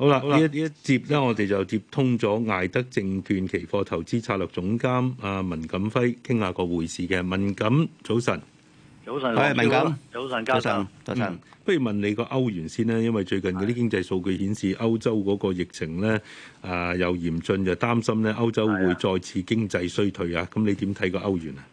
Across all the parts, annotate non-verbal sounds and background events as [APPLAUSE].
好啦，呢一呢一節咧，我哋就接通咗艾德證券期貨投資策略總監阿文錦輝傾下個回事嘅。文錦，早晨，早晨，係文錦，早晨，早晨，早晨。不如問你個歐元先咧，因為最近嗰啲經濟數據顯示歐洲嗰個疫情咧啊又嚴峻，又擔心咧歐洲會再次經濟衰退啊。咁你點睇個歐元啊？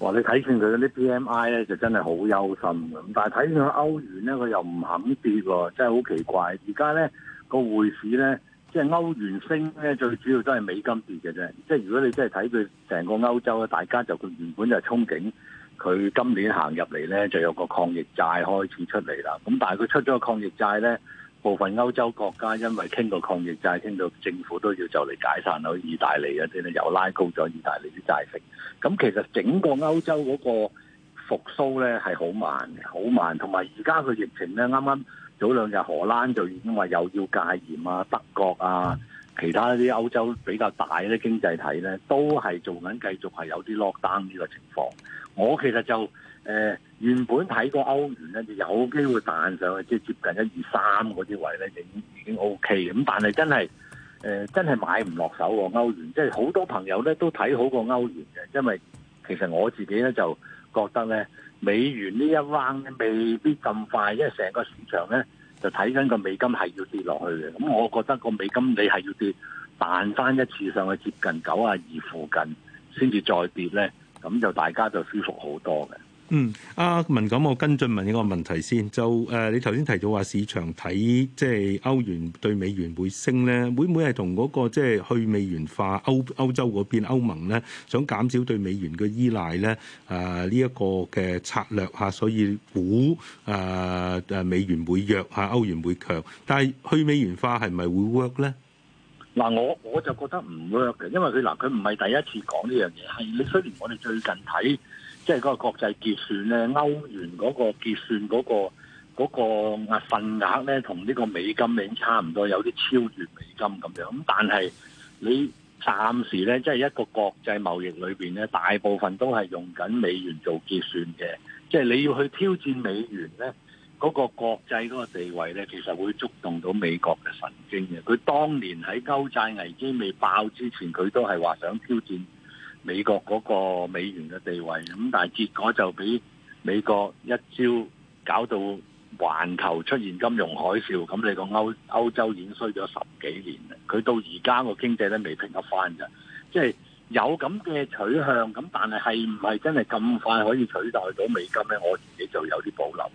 哇，你睇見佢嗰啲 PMI 咧就真係好憂心咁，但係睇見佢歐元咧佢又唔肯跌喎，真係好奇怪。而家咧～個匯市呢，即係歐元升呢，最主要都係美金跌嘅啫。即係如果你真係睇佢成個歐洲咧，大家就佢原本就憧憬佢今年行入嚟呢，就有個抗疫債開始出嚟啦。咁但係佢出咗個抗疫債呢，部分歐洲國家因為傾到抗疫債，傾到政府都要就嚟解散咗意大利嗰啲咧，又拉高咗意大利啲債息。咁其實整個歐洲嗰個復甦呢係好慢好慢。同埋而家個疫情呢啱啱，剛剛早兩日荷蘭就已經話又要戒嚴啊，德國啊，其他啲歐洲比較大啲經濟體咧，都係做緊繼續係有啲 lockdown 呢個情況。我其實就誒、呃、原本睇過歐元咧，就有機會彈上去，即係接近一二三嗰啲位咧，已經已經 O K 咁。但係真係誒、呃、真係買唔落手喎歐元，即係好多朋友咧都睇好個歐元嘅，因為其實我自己咧就覺得咧美元呢一 round 未必咁快，因為成個市場咧。就睇緊個美金係要跌落去嘅，咁我覺得個美金你係要跌彈返一次上去接近九啊二附近，先至再跌咧，咁就大家就舒服好多嘅。嗯，阿文錦，我跟進問一個問題先，就誒，你頭先提到話市場睇即係歐元對美元會升咧，會唔會係同嗰個即係、就是、去美元化歐歐洲嗰邊歐盟咧想減少對美元嘅依賴咧？誒、啊，呢、這、一個嘅策略嚇，所以估誒誒、啊、美元會弱嚇，歐元會強。但係去美元化係咪會 work 咧？嗱，我我就覺得唔 work 嘅，因為佢嗱，佢唔係第一次講呢樣嘢，係你雖然我哋最近睇。即係嗰個國際結算咧，歐元嗰個結算嗰個嗰個份額咧，同呢個美金已經差唔多，有啲超越美金咁樣。咁但係你暫時咧，即係一個國際貿易裏邊咧，大部分都係用緊美元做結算嘅。即係你要去挑戰美元咧，嗰個國際嗰個地位咧，其實會觸動到美國嘅神經嘅。佢當年喺歐債危機未爆之前，佢都係話想挑戰。美國嗰個美元嘅地位，咁但係結果就俾美國一招搞到環球出現金融海嘯，咁你個歐，歐洲已經衰咗十幾年啦，佢到而家個經濟都未平得翻㗎，即係有咁嘅取向，咁但係係唔係真係咁快可以取代到美金呢？我自己就有啲保留。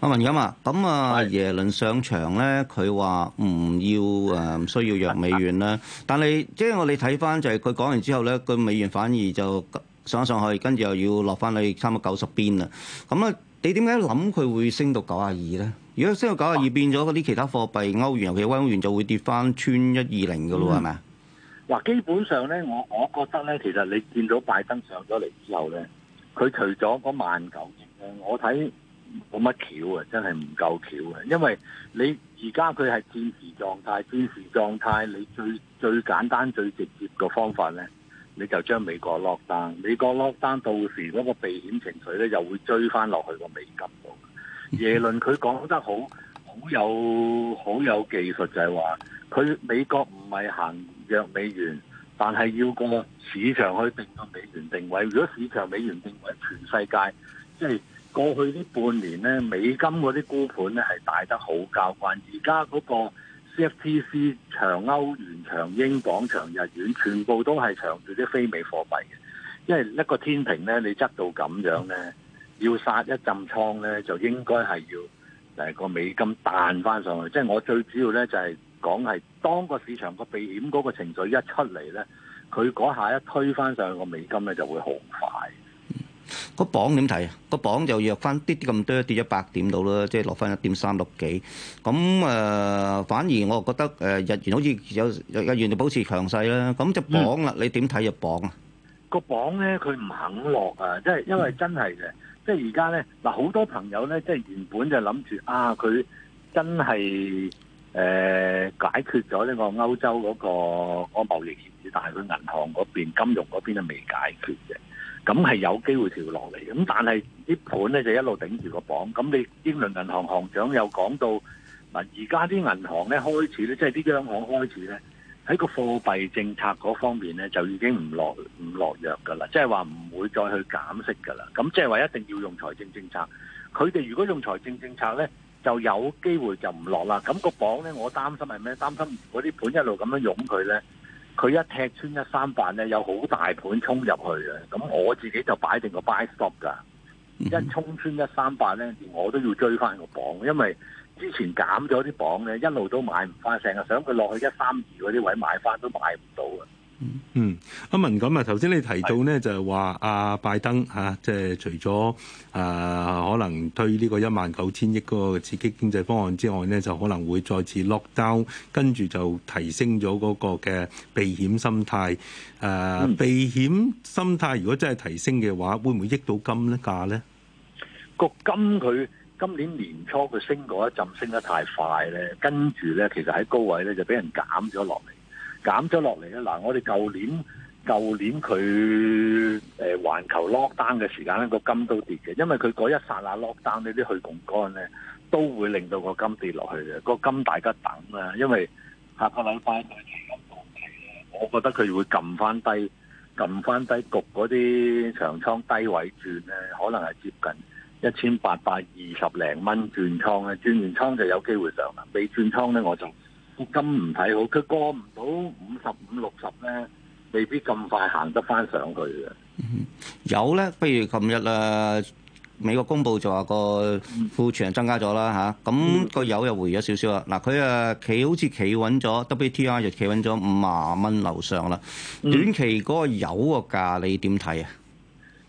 阿文咁啊，咁啊耶倫上場咧，佢話唔要誒，需要弱美元啦。但係即係我哋睇翻就係佢講完之後咧，個美元反而就上一上去，跟住又要落翻去差唔多九十邊啦。咁啊，你點解諗佢會升到九廿二咧？如果升到九廿二，變咗嗰啲其他貨幣歐元，尤其係歐元就會跌翻穿一二零噶咯，係咪啊？嗱，基本上咧，我我覺得咧，其實你見到拜登上咗嚟之後咧，佢除咗嗰萬九，我睇。冇乜巧啊，真係唔夠巧啊！因為你而家佢係戰時狀態，戰時狀態，你最最簡單最直接嘅方法呢，你就將美國 lock down。美國 lock down 到時嗰個避險情緒呢，又會追翻落去個美金度。耶倫佢講得好好有好有技術，就係話佢美國唔係行弱美元，但係要個市場去定個美元定位。如果市場美元定位全世界，即係。過去呢半年咧，美金嗰啲沽盤咧係大得好交關，而家嗰個 CFTC 長歐元、長英鎊、長日元，全部都係長住啲非美貨幣嘅。因為一個天平咧，你執到咁樣咧、嗯，要殺一陣倉咧，就應該係要誒個美金彈翻上去。即、就、係、是、我最主要呢，就係講係當個市場個避險嗰個情緒一出嚟呢，佢嗰下一推翻上去個美金呢，就會好快。個鎊點睇啊？個鎊就弱翻跌啲咁多，跌咗百點到啦，即係落翻一點三六幾。咁誒，反而我覺得誒日元好似有日元就保持強勢啦。咁就鎊啦，你點睇隻鎊啊？個鎊咧，佢唔肯落啊！即係因為真係嘅，即係而家咧，嗱好多朋友咧，即係原本就諗住啊，佢真係誒解決咗呢個歐洲嗰個個貿易協議，但係佢銀行嗰邊、金融嗰邊啊未解決嘅。咁係有機會調落嚟，咁但係啲盤咧就一路頂住個榜。咁你英倫銀行行長又講到，嗱而家啲銀行咧開始咧，即係啲央行開始咧喺、就是、個貨幣政策嗰方面咧，就已經唔落唔落弱噶啦，即係話唔會再去減息噶啦。咁即係話一定要用財政政策。佢哋如果用財政政策咧，就有機會就唔落啦。咁個榜咧，我擔心係咩？擔心嗰啲盤一路咁樣擁佢咧。佢一踢穿一三八咧，有好大盤衝入去嘅，咁我自己就擺定個 buy stop 㗎。一衝穿一三八咧，我都要追翻個榜，因為之前減咗啲榜咧，一路都買唔翻。成日想佢落去一三二嗰啲位買翻，都買唔到啊。嗯，阿文咁啊，頭先你提到呢，就係話阿拜登嚇，即、啊、係、就是、除咗啊，可能推呢個一萬九千億嗰個刺激經濟方案之外呢，就可能會再次 lockdown，跟住就提升咗嗰個嘅避險心態。誒、啊嗯，避險心態如果真係提升嘅話，會唔會益到金咧價呢？個金佢今年年初佢升嗰一陣升得太快咧，跟住咧，其實喺高位咧就俾人減咗落嚟。減咗落嚟咧，嗱，我哋舊年舊年佢誒環球 lockdown 嘅時間咧，個金都跌嘅，因為佢嗰一剎那 lockdown 呢啲去槓桿咧，都會令到個金跌落去嘅。個金大家等啦，因為下個禮拜佢期金到期咧，我覺得佢會撳返低，撳返低焗嗰啲長倉低位轉咧，可能係接近一千八百二十零蚊轉倉嘅，轉完倉就有機會上啦。未轉倉呢我就。咁唔睇好，佢過唔到五十五六十咧，未必咁快行得翻上去嘅。有咧，不如琴日咧，美國公佈就話個庫存增加咗啦嚇，咁個油又回咗少少啦。嗱，佢啊企好似企穩咗，W T I 就企穩咗五十蚊樓上啦。短期嗰個油個價，你點睇啊？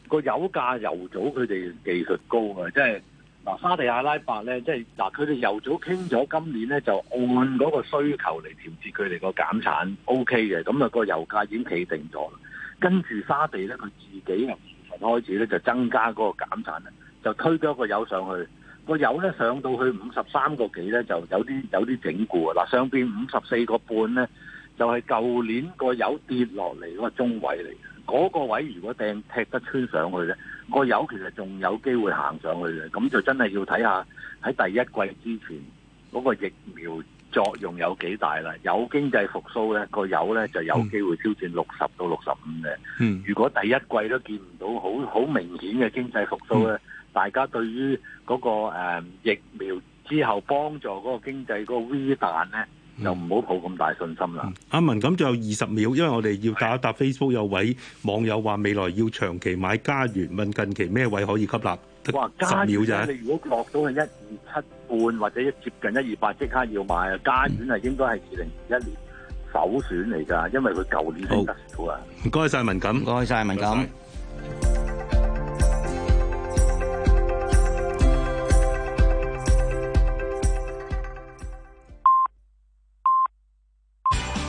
個油價由早佢哋技術高嘅，即係。沙地阿拉伯咧，即係嗱，佢哋由早傾咗今年咧就按嗰個需求嚟調節佢哋個減產 O K 嘅，咁、OK、啊、個油價已經企定咗啦。跟住沙地咧，佢自己由二月份開始咧就增加嗰個減產咧，就推咗個油上去，個油咧上到去五十三個幾咧就有啲有啲整固啊。嗱上邊五十四個半咧，就係、是、舊年個油跌落嚟嗰個中位嚟嗰、嗰個位如果掟踢，踢得穿上去咧。個油其實仲有機會行上去嘅，咁就真係要睇下喺第一季之前嗰個疫苗作用有幾大啦。有經濟復甦呢，個油呢就有機會挑戰六十到六十五嘅。如果第一季都見唔到好好明顯嘅經濟復甦呢、嗯，大家對於嗰個、誒、疫苗之後幫助嗰個經濟嗰個 V 彈呢。又唔好抱咁大信心啦。阿、嗯、文，咁仲有二十秒，因為我哋要答一答 Facebook 有位網友話未來要長期買加元，問近期咩位可以吸納。哇！加元，你如果落到係一二七半或者一接近一二八，即刻要買啊！加元係、嗯、應該係二零二一年首選嚟㗎，因為佢舊年都得手啊。唔該晒，唔該晒文錦，唔該晒文錦。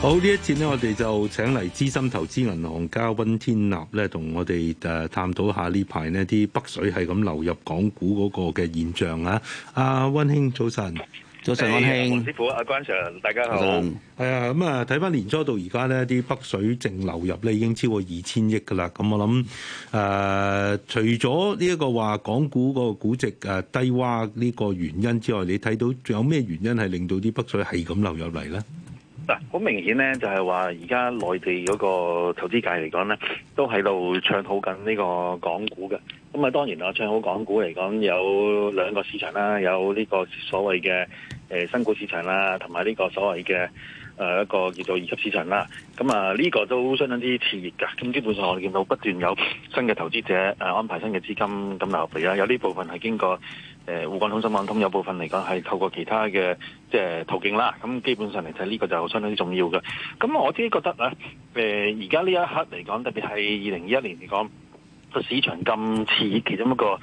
好，呢一次呢，我哋就請嚟資深投資銀行家溫天立咧，同我哋誒探討下呢排呢啲北水係咁流入港股嗰個嘅現象啊！阿溫兄早晨，早晨、嗯、安馨，師傅阿關 Sir，大家好。係啊，咁啊，睇翻年初到而家呢啲北水淨流入呢已經超過二千億噶啦。咁我諗誒、啊，除咗呢一個話港股個估值、誒、啊、低窪呢個原因之外，你睇到仲有咩原因係令到啲北水係咁流入嚟咧？嗱，好明顯咧，就係話而家內地嗰個投資界嚟講咧，都喺度唱好緊呢個港股嘅。咁啊，當然啦，唱好港股嚟講，有兩個市場啦，有呢個所謂嘅、呃、新股市場啦，同埋呢個所謂嘅。誒一個叫做二級市場啦，咁啊呢個都相當之熾熱㗎。咁基本上我哋見到不斷有新嘅投資者誒安排新嘅資金咁流入嚟啦，有啲部分係經過誒滬港通、深港通，有部分嚟講係透過其他嘅即係途徑啦。咁基本上嚟睇呢個就相當之重要嘅。咁我自己覺得啊，誒而家呢一刻嚟講，特別係二零二一年嚟講個市場咁熾熱，其中一個誒、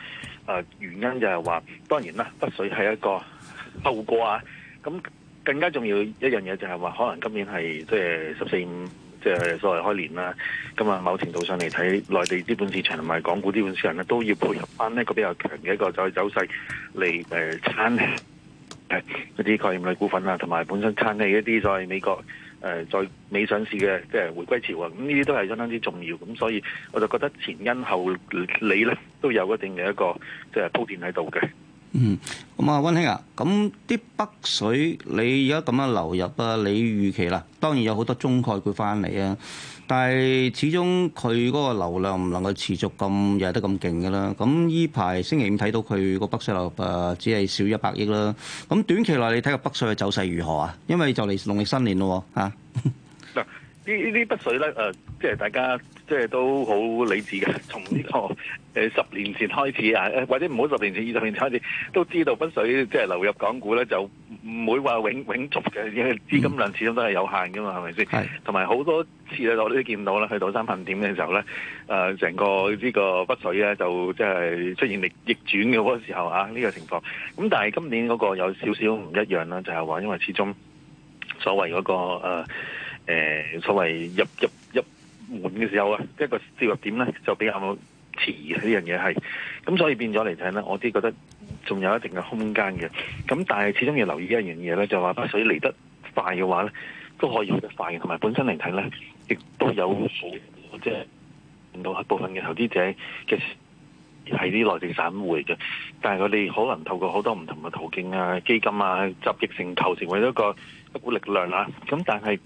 呃、原因就係話，當然啦，北水係一個後果啊。咁、嗯更加重要一樣嘢就係話，可能今年係即係十四五，即係所謂開年啦。咁啊，某程度上嚟睇，內地資本市場同埋港股資本市場咧，都要配合翻一個比較強嘅一個走走勢嚟誒撐誒啲、呃、概念類股份啊，同埋本身撐起一啲在美國誒、呃、在美上市嘅即係回歸潮啊。咁呢啲都係相當之重要。咁所以我就覺得前因後理咧都有一定嘅一個即係鋪墊喺度嘅。嗯，咁啊，溫兄啊，咁啲北水你而家咁樣流入啊，你預期啦，當然有好多中概股翻嚟啊，但係始終佢嗰個流量唔能夠持續咁又得咁勁㗎啦。咁依排星期五睇到佢個北水流入啊、呃，只係少於一百億啦。咁短期內你睇個北水嘅走勢如何啊？因為就嚟農曆新年咯喎、啊 [LAUGHS] 呢啲北水咧，誒、呃，即係大家即係都好理智嘅。從呢、這個、呃、十年前開始啊，或者唔好十年前、二十年前開始，都知道北水即係流入港股咧，就唔會話永永續嘅，因為資金量始終都係有限嘅嘛，係咪先？同埋好多次呢，我都見到啦。去到三分點嘅時候咧，誒、呃，成個呢個北水咧，就即係出現逆逆轉嘅嗰個時候啊，呢、這個情況。咁但係今年嗰個有少少唔一樣啦，就係、是、話因為始終所謂嗰、那個、呃誒、呃，所謂入入入門嘅時候啊，一個接入點咧，就比較遲呢樣嘢係，咁所以變咗嚟睇呢，我啲覺得仲有一定嘅空間嘅，咁但係始終要留意一樣嘢咧，就係話，北水嚟得快嘅話咧，都可以去得快嘅，同埋本身嚟睇咧，亦都有好，即係到一部分嘅投資者嘅係啲內地散戶嚟嘅，但係佢哋可能透過好多唔同嘅途徑啊、基金啊集腋成裘成為一個一股力量啦、啊，咁但係。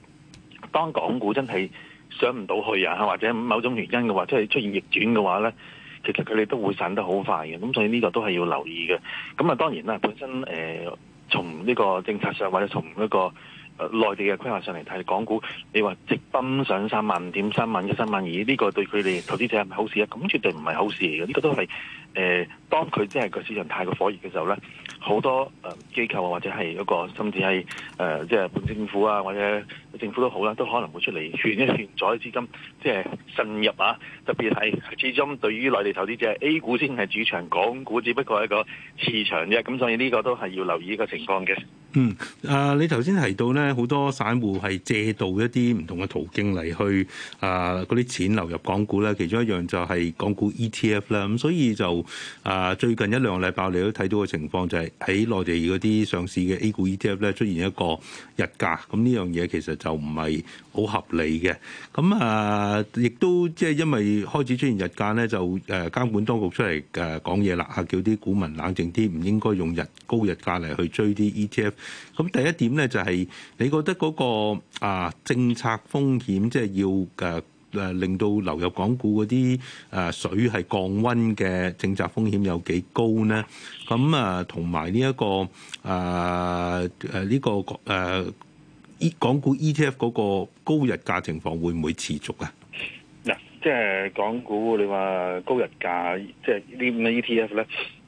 當港股真係上唔到去啊，或者某種原因嘅話，即係出現逆轉嘅話呢，其實佢哋都會散得好快嘅，咁所以呢個都係要留意嘅。咁啊，當然啦，本身誒、呃、從呢個政策上，或者從一個內內地嘅規劃上嚟睇，港股你話直奔上三萬五點、三萬一、三萬二，呢個對佢哋投資者係咪好事啊？咁絕對唔係好事嚟嘅，呢、這個都係誒、呃、當佢即係個市場太過火熱嘅時候呢。好多誒機構啊，或者係嗰個，甚至係誒即係本政府啊，或者政府都好啦，都可能會出嚟勸一勸阻資金，即係滲入啊！特別係始終對於內地投資者，A 股先係主場，港股只不過係一個市場啫，咁所以呢個都係要留意呢個情況嘅。嗯，啊，你頭先提到咧，好多散戶係借道一啲唔同嘅途徑嚟去啊，嗰啲錢流入港股呢，其中一樣就係港股 ETF 啦。咁所以就啊，最近一兩個禮拜你都睇到嘅情況就係喺內地嗰啲上市嘅 A 股 ETF 咧出現一個溢價，咁呢樣嘢其實就唔係好合理嘅。咁啊，亦都即係因為開始出現溢價咧，就誒監管當局出嚟誒講嘢啦，叫啲股民冷靜啲，唔應該用日高溢價嚟去追啲 ETF。咁第一點咧就係，你覺得嗰個啊政策風險，即係要誒誒令到流入港股嗰啲誒水係降溫嘅政策風險有幾高咧？咁啊同埋呢一個啊誒呢個誒港股 ETF 嗰個高溢價情況會唔會持續啊？嗱，即係港股你話高溢價，即係啲咁嘅 ETF 咧。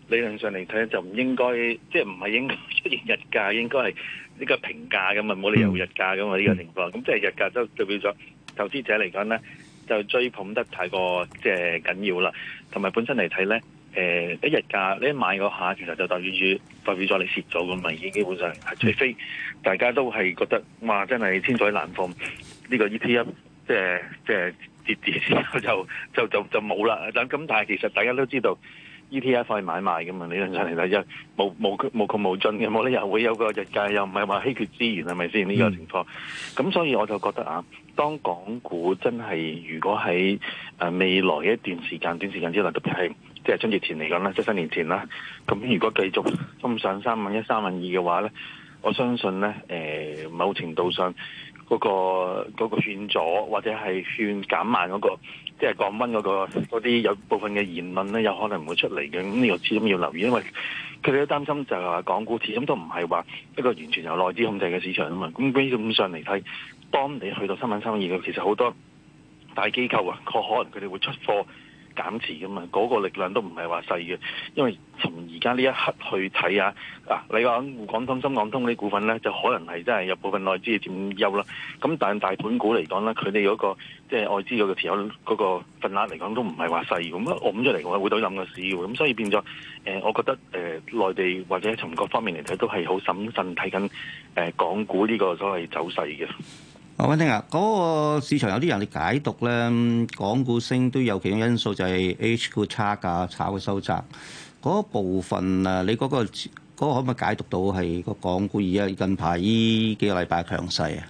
理論上嚟睇就唔應該，即係唔係應該出現溢價，應該係呢個平價噶嘛，冇理由溢價噶嘛呢個情況。咁、嗯、即係溢價都代表咗投資者嚟講咧，就追捧得太過即係緊要啦。同埋本身嚟睇咧，誒、呃，一溢價你一買嗰下，其實就代表住代表咗你蝕咗咁啊，已經基本上係除非大家都係覺得哇，真係千載難逢呢、呢個 ETF，即係即係跌跌之後就就就就冇啦。咁但係其實大家都知道。E.T.F. 可以買賣嘅嘛？理論上嚟睇，又冇無窮無窮無盡嘅，冇理由會有個日價，又唔係話稀缺資源係咪先？是不是呢、這個情況，咁、嗯、所以我就覺得啊，當港股真係如果喺誒、呃、未來的一段時間、短時間之內，特別係即係春節前嚟講啦，即係新，新年前啦，咁如果繼續咁上三萬一、三萬二嘅話咧，我相信咧誒、呃，某程度上嗰、那個嗰、那個勸阻或者係勸減慢嗰、那個。即係降溫嗰個嗰啲有部分嘅言論咧，有可能唔會出嚟嘅，咁呢個始終要留意，因為佢哋都擔心就係話港股始終都唔係話一個完全由內資控制嘅市場啊嘛，咁基本上嚟睇，當你去到新聞生意嘅，其實好多大機構啊，確他們可能佢哋會出貨。減持嘅嘛，嗰、那個力量都唔係話細嘅，因為從而家呢一刻去睇下，嗱、啊、你講滬港通、深港通呢股份咧，就可能係真係有部分內資嘅佔優啦。咁但係大盤股嚟講咧，佢哋嗰個即係外資嗰個持有嗰個份額嚟講，都唔係話細咁。我諗出嚟，我會到諗個市，咁所以變咗，誒、呃，我覺得誒、呃，內地或者從各方面嚟睇，都係好審慎睇緊誒港股呢個所謂走勢嘅。我聽啊，嗰、嗰個市場有啲人你解讀咧，港股升都有幾個因素，就係 H 股差價炒嘅收窄嗰、嗰個、部分啊，你嗰、嗰個嗰個可唔可以解讀到係個港股而家近排呢幾個禮拜強勢啊？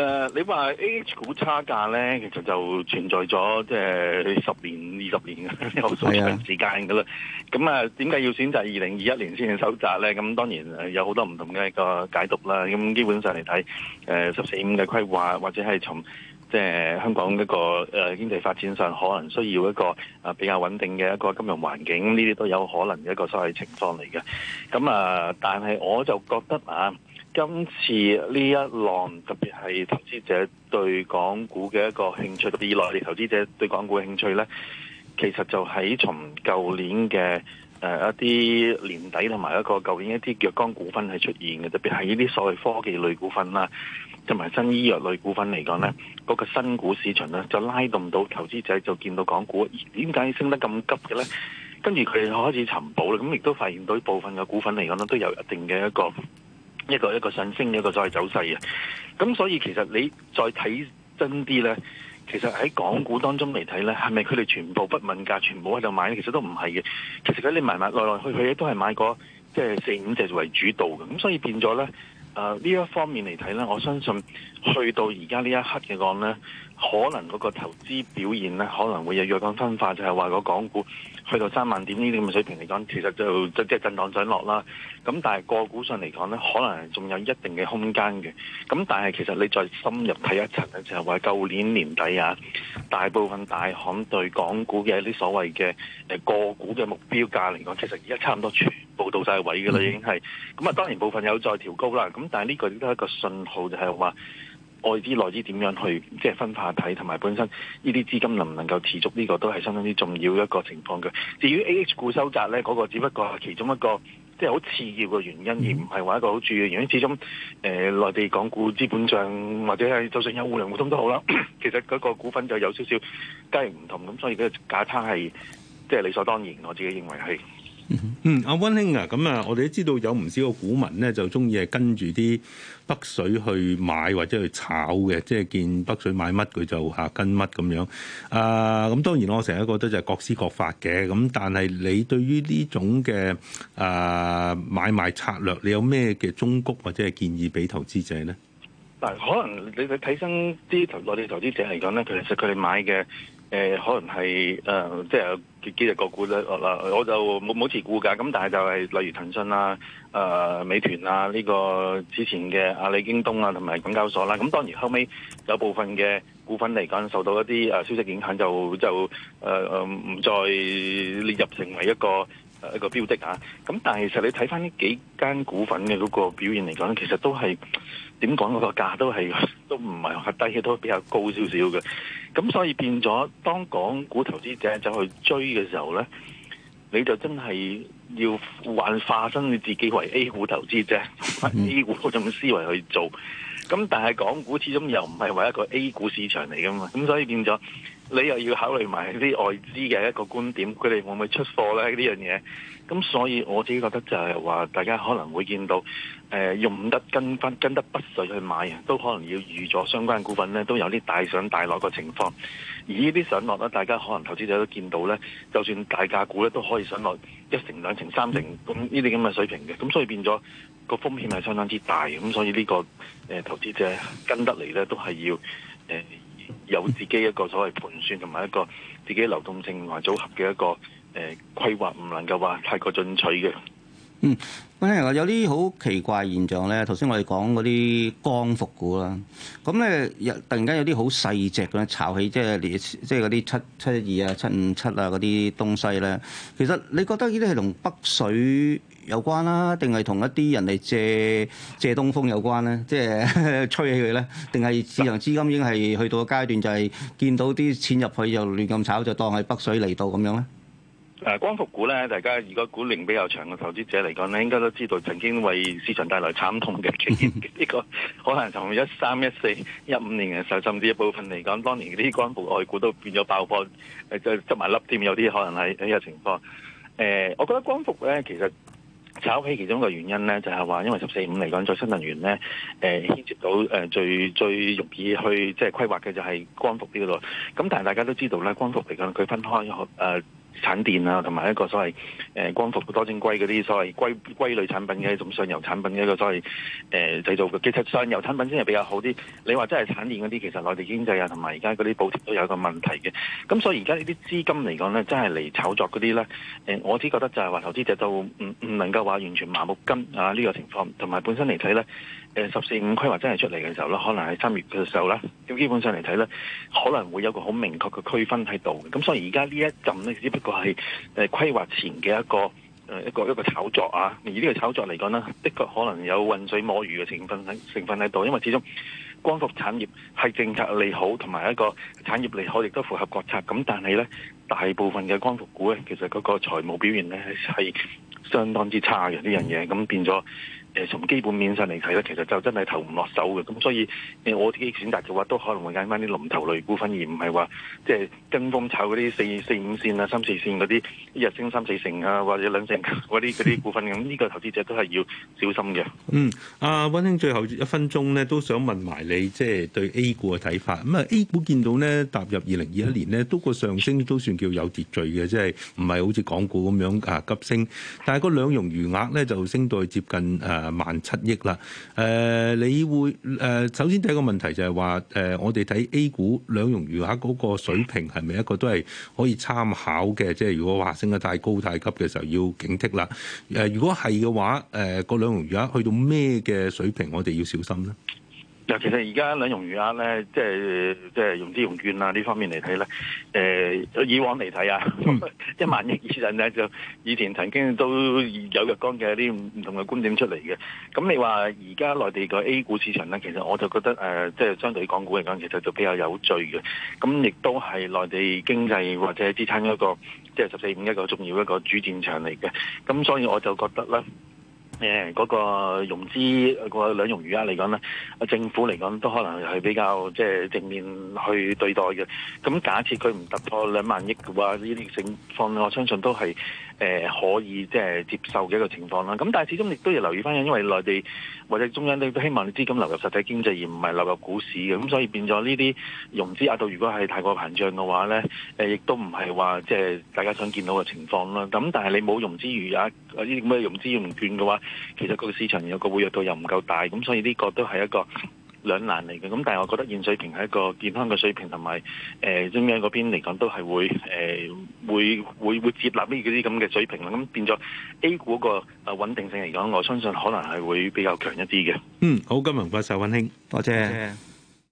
誒、uh，你話 A H 股差價咧，其實就存在咗即係十年、二十年有好長時間時間噶啦。咁啊，點解要選擇二零二一年先至收窄咧？咁當然有好多唔同嘅個解讀啦。咁基本上嚟睇，誒十四五嘅規劃，或者係從即係、就是、香港一個誒、呃、經濟發展上，可能需要一個、呃、比較穩定嘅一個金融環境，呢啲都有可能嘅一個所謂情況嚟嘅。咁啊、呃，但係我就覺得啊。今次呢一浪，特別係投資者對港股嘅一個興趣，特別以內地投資者對港股嘅興趣呢，其實就喺從舊年嘅誒、呃、一啲年底同埋一個舊年一啲藥江股份係出現嘅，特別係呢啲所謂科技類股份啦，同埋新醫藥類股份嚟講呢嗰、那個新股市場呢，就拉動到投資者就見到港股，點解升得咁急嘅呢？跟住佢開始尋寶啦，咁亦都發現到部分嘅股份嚟講呢都有一定嘅一個。一個一個上升一個再走勢啊，咁所以其實你再睇真啲呢，其實喺港股當中嚟睇呢，係咪佢哋全部不問價，全部喺度買呢？其實都唔係嘅。其實你買買來來去去都係買個即係四五隻為主導嘅。咁所以變咗呢，誒、呃、呢一方面嚟睇呢，我相信去到而家呢一刻嘅講呢。可能嗰個投資表現咧，可能會有若干分化，就係、是、話個港股去到三萬點呢啲咁嘅水平嚟講，其實就即係、就是、震盪上落啦。咁但係個股上嚟講咧，可能仲有一定嘅空間嘅。咁但係其實你再深入睇一層咧，就係話舊年年底啊，大部分大行對港股嘅一啲所謂嘅誒個股嘅目標價嚟講，其實而家差唔多全部到晒位㗎啦，已經係咁啊。當然部分有再調高啦。咁但係呢個亦都係一個信號就，就係話。外資、內資點樣去即係分化睇，同埋本身呢啲資金能唔能夠持續呢、這個都係相當之重要一個情況嘅。至於 A H 股收窄呢，嗰、那個只不過係其中一個即係好次要嘅原因，而唔係話一個好主要嘅原因。始終誒，內、呃、地港股資本上或者係就算有互聯互通都好啦，其實嗰個股份就有少少皆然唔同，咁所以個價差係即係理所當然，我自己認為係。嗯，阿溫兄啊，咁、嗯、啊，我哋都知道有唔少個股民咧，就中意係跟住啲北水去買或者去炒嘅，即係見北水買乜佢就嚇跟乜咁樣。啊、呃，咁、嗯、當然我成日覺得就係各施各法嘅。咁、嗯、但係你對於呢種嘅啊、呃、買賣策略，你有咩嘅忠告或者係建議俾投資者咧？嗱，可能你睇翻啲內地投資者嚟講咧，其實佢哋買嘅。誒、呃、可能係誒、呃、即係幾日個股咧，我就冇冇持股㗎。咁但係就係、是、例如騰訊啦、誒、呃、美團啦呢、啊這個之前嘅阿里、京東還有啊，同埋港交所啦。咁當然後尾有部分嘅股份嚟講，受到一啲誒消息影響就，就就誒誒唔再列入成為一個一個標的啊。咁但係其實你睇翻呢幾間股份嘅嗰個表現嚟講，其實都係點講嗰個價都係都唔係話低都比較高少少嘅。咁所以變咗，當港股投資者走去追嘅時候呢，你就真係要幻化身你自己為 A 股投資者，A 股嗰種思維去做。咁但係港股始終又唔係為一個 A 股市場嚟㗎嘛，咁所以變咗你又要考慮埋啲外資嘅一個觀點，佢哋會唔會出貨呢？呢樣嘢。咁所以我自己覺得就係話，大家可能會見到。誒、呃、用得跟翻，跟得北水去買都可能要預咗相關的股份呢，都有啲大上大落嘅情況。而呢啲上落呢，大家可能投資者都見到呢，就算大價股呢，都可以上落一成、兩成、三成，咁呢啲咁嘅水平嘅。咁所以變咗個風險係相當之大。咁所以呢、呢個、呃、投資者跟得嚟呢都係要、呃、有自己一個所謂盤算同埋一個自己流動性同埋組合嘅一個誒、呃、規劃，唔能夠話太過進取嘅。嗯，我聽人話有啲好奇怪現象咧。頭先我哋講嗰啲光伏股啦，咁咧又突然間有啲好細隻咁樣炒起，即係連即係嗰啲七七二啊、七五七啊嗰啲東西咧。其實你覺得呢啲係同北水有關啦、啊，定係同一啲人嚟借借東風有關咧？即、就、係、是、吹起佢咧，定係市場資金已經係去到個階段，就係見到啲錢入去就亂咁炒，就當係北水嚟到咁樣咧？誒、呃、光伏股咧，大家如果股齡比較長嘅投資者嚟講咧，應該都知道曾經為市場帶來慘痛嘅呢 [LAUGHS] 個，可能從一三、一四、一五年嘅時候，甚至一部分嚟講，當年啲光伏外股都變咗爆破，誒即執埋笠添，有啲可能係呢個情況。誒、呃，我覺得光伏咧，其實炒起其中一個原因咧，就係、是、話因為十四五嚟講，再生能源咧，誒、呃、牽涉到誒、呃、最最容易去即係規劃嘅就係光伏呢個。咁但係大家都知道咧，光伏嚟講佢分開學、呃產電啊，同埋一個所謂誒、呃、光伏多晶硅嗰啲所謂硅硅類產品嘅一種上游產品嘅一個所謂誒、呃、製造嘅基礎上游產品先係比較好啲。你話真係產電嗰啲，其實內地經濟啊，同埋而家嗰啲補貼都有一個問題嘅。咁所以而家呢啲資金嚟講咧，真係嚟炒作嗰啲咧。誒，我只覺得就係話投資者就唔唔能夠話完全麻木跟啊呢個情況，同埋本身嚟睇咧。誒十四五規劃真係出嚟嘅時候啦，可能喺三月嘅時候啦，咁基本上嚟睇咧，可能會有個好明確嘅區分喺度。咁所以而家呢一陣咧，只不過係誒規劃前嘅一個、呃、一個一個炒作啊。而呢個炒作嚟講啦，的確可能有混水摸魚嘅成分喺成分喺度，因為始終光伏產業係政策利好同埋一個產業利好，亦都符合國策。咁但係咧，大部分嘅光伏股咧，其實嗰個財務表現咧係相當之差嘅呢樣嘢。咁變咗。誒從基本面上嚟睇咧，其實就真係投唔落手嘅，咁所以我自己選擇嘅話，都可能會揀翻啲龍頭類股份，而唔係話即係跟風炒嗰啲四四五線啊、三四線嗰啲一日升三四成啊，或者兩成嗰啲啲股份咁。呢個投資者都係要小心嘅。嗯，阿溫兄最後一分鐘呢，都想問埋你即係對 A 股嘅睇法。咁、嗯、啊，A 股見到呢踏入二零二一年呢、嗯，都個上升都算叫有秩序嘅，即係唔係好似港股咁樣啊急升。但係個兩融餘額呢，就升到去接近誒。啊啊，萬七億啦，誒、呃，你會誒、呃，首先第一個問題就係話，誒、呃，我哋睇 A 股兩融餘額嗰個水平係咪一個都係可以參考嘅，即係如果話升得太高太急嘅時候要警惕啦。誒、呃，如果係嘅話，誒、呃，個兩融餘額去到咩嘅水平，我哋要小心咧。其實而家兩融餘額咧，即係即係融資融券啊呢方面嚟睇咧，誒以往嚟睇啊，一萬億以上咧就以前曾經都有若干嘅一啲唔同嘅觀點出嚟嘅。咁你話而家內地個 A 股市場咧，其實我就覺得誒，即係相對於港股嚟講，其實就比較有聚嘅。咁亦都係內地經濟或者支撐一個即係十四五一個重要一個主戰場嚟嘅。咁所以我就覺得咧。誒、嗯、嗰、那個融資、那個兩融餘額嚟講咧，啊政府嚟講都可能係比較即係、就是、正面去對待嘅。咁假設佢唔突破兩萬億嘅話，呢啲情況我相信都係誒、呃、可以即係、就是、接受嘅一個情況啦。咁但係始終亦都要留意返，因為內地或者中央都希望資金流入實體經濟，而唔係流入股市嘅。咁所以變咗呢啲融資額度，如果係太過膨脹嘅話咧，誒亦都唔係話即係大家想見到嘅情況啦。咁但係你冇融資餘額，呢啲咁嘅融資融券嘅話，其實個市場有個活躍度又唔夠大，咁所以呢個都係一個兩難嚟嘅。咁但係我覺得現水平係一個健康嘅水平，同埋誒中央嗰邊嚟講都係會誒、呃、會會會接納呢啲咁嘅水平啦。咁變咗 A 股個誒穩定性嚟講，我相信可能係會比較強一啲嘅。嗯，好，今日八壽溫馨，多謝。多謝。